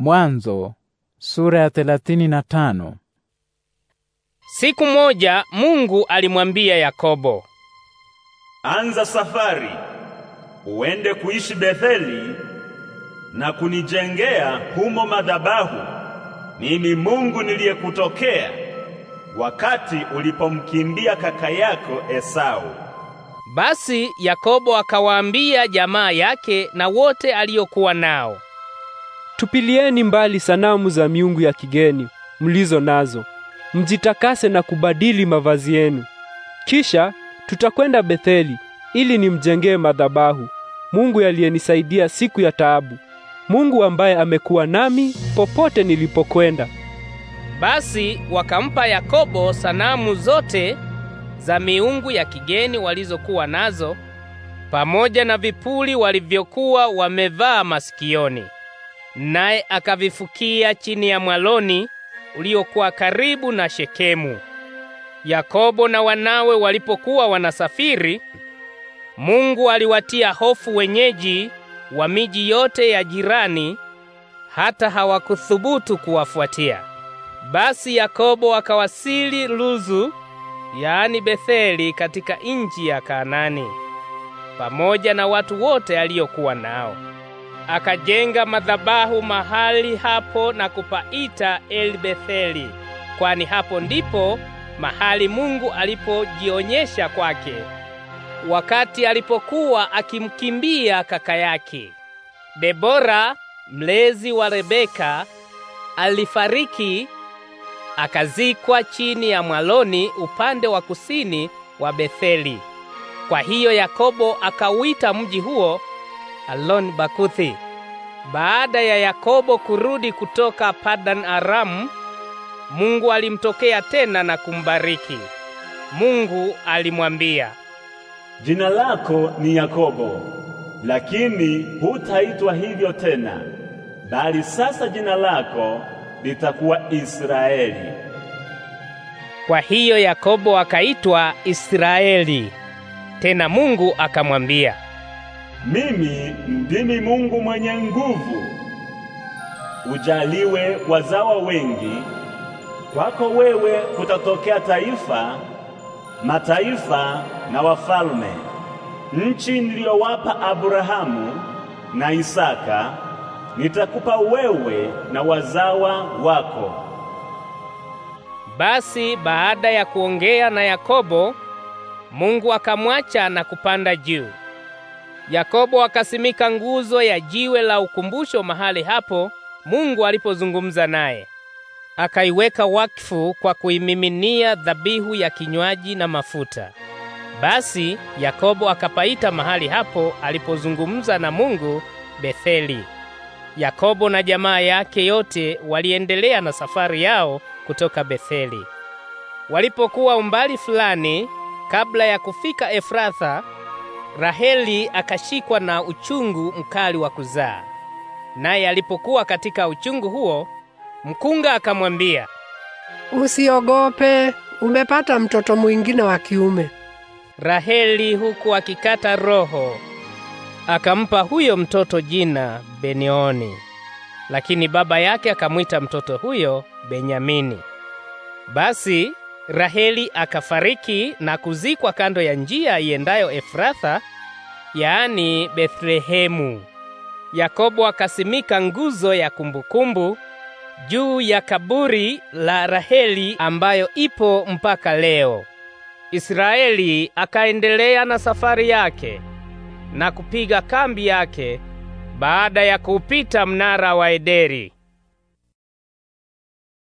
Mwanzo sura ya na tano. Siku moja Mungu alimwambia Yakobo, anza safari uende kuishi Betheli na kunijengea humo madhabahu. Mimi Mungu niliyekutokea wakati ulipomkimbia kaka yako Esau. Basi Yakobo akawaambia jamaa yake na wote aliokuwa nao Tupilieni mbali sanamu za miungu ya kigeni mlizo nazo, mjitakase na kubadili mavazi yenu. Kisha tutakwenda Betheli ili nimjengee madhabahu Mungu aliyenisaidia siku ya taabu, Mungu ambaye amekuwa nami popote nilipokwenda. Basi wakampa Yakobo sanamu zote za miungu ya kigeni walizokuwa nazo pamoja na vipuli walivyokuwa wamevaa masikioni naye akavifukia chini ya mwaloni uliokuwa karibu na Shekemu. Yakobo na wanawe walipokuwa wanasafiri, Mungu aliwatia hofu wenyeji wa miji yote ya jirani, hata hawakuthubutu kuwafuatia. Basi Yakobo akawasili Luzu, yaani Betheli, katika nchi ya Kanaani pamoja na watu wote aliokuwa nao. Akajenga madhabahu mahali hapo na kupaita El Betheli, kwani hapo ndipo mahali Mungu alipojionyesha kwake wakati alipokuwa akimkimbia kaka yake. Debora, mlezi wa Rebeka, alifariki akazikwa chini ya mwaloni upande wa kusini wa Betheli. Kwa hiyo Yakobo akauita mji huo Alon Bakuthi. Baada ya Yakobo kurudi kutoka Padan Aramu, Mungu alimtokea tena na kumbariki. Mungu alimwambia, jina lako ni Yakobo, lakini hutaitwa hivyo tena, bali sasa jina lako litakuwa Israeli. Kwa hiyo Yakobo akaitwa Israeli. Tena Mungu akamwambia mimi ndimi Mungu mwenye nguvu. Ujaliwe wazawa wengi, kwako wewe kutatokea taifa, mataifa na wafalme. Nchi niliyowapa Abrahamu na Isaka nitakupa wewe na wazawa wako. Basi baada ya kuongea na Yakobo, Mungu akamwacha na kupanda juu. Yakobo akasimika nguzo ya jiwe la ukumbusho mahali hapo Mungu alipozungumza naye. Akaiweka wakfu kwa kuimiminia dhabihu ya kinywaji na mafuta. Basi Yakobo akapaita mahali hapo alipozungumza na Mungu Betheli. Yakobo na jamaa yake yote waliendelea na safari yao kutoka Betheli. Walipokuwa umbali fulani kabla ya kufika Efratha, Raheli akashikwa na uchungu mkali wa kuzaa. Naye alipokuwa katika uchungu huo, mkunga akamwambia, usiogope, umepata mtoto mwingine wa kiume. Raheli huku akikata roho akampa huyo mtoto jina Benioni, lakini baba yake akamwita mtoto huyo Benyamini. Basi Raheli akafariki na kuzikwa kando ya njia iendayo Efratha, yaani Bethlehemu. Yakobo akasimika nguzo ya kumbukumbu juu ya kaburi la Raheli ambayo ipo mpaka leo. Israeli akaendelea na safari yake na kupiga kambi yake baada ya kuupita mnara wa Ederi.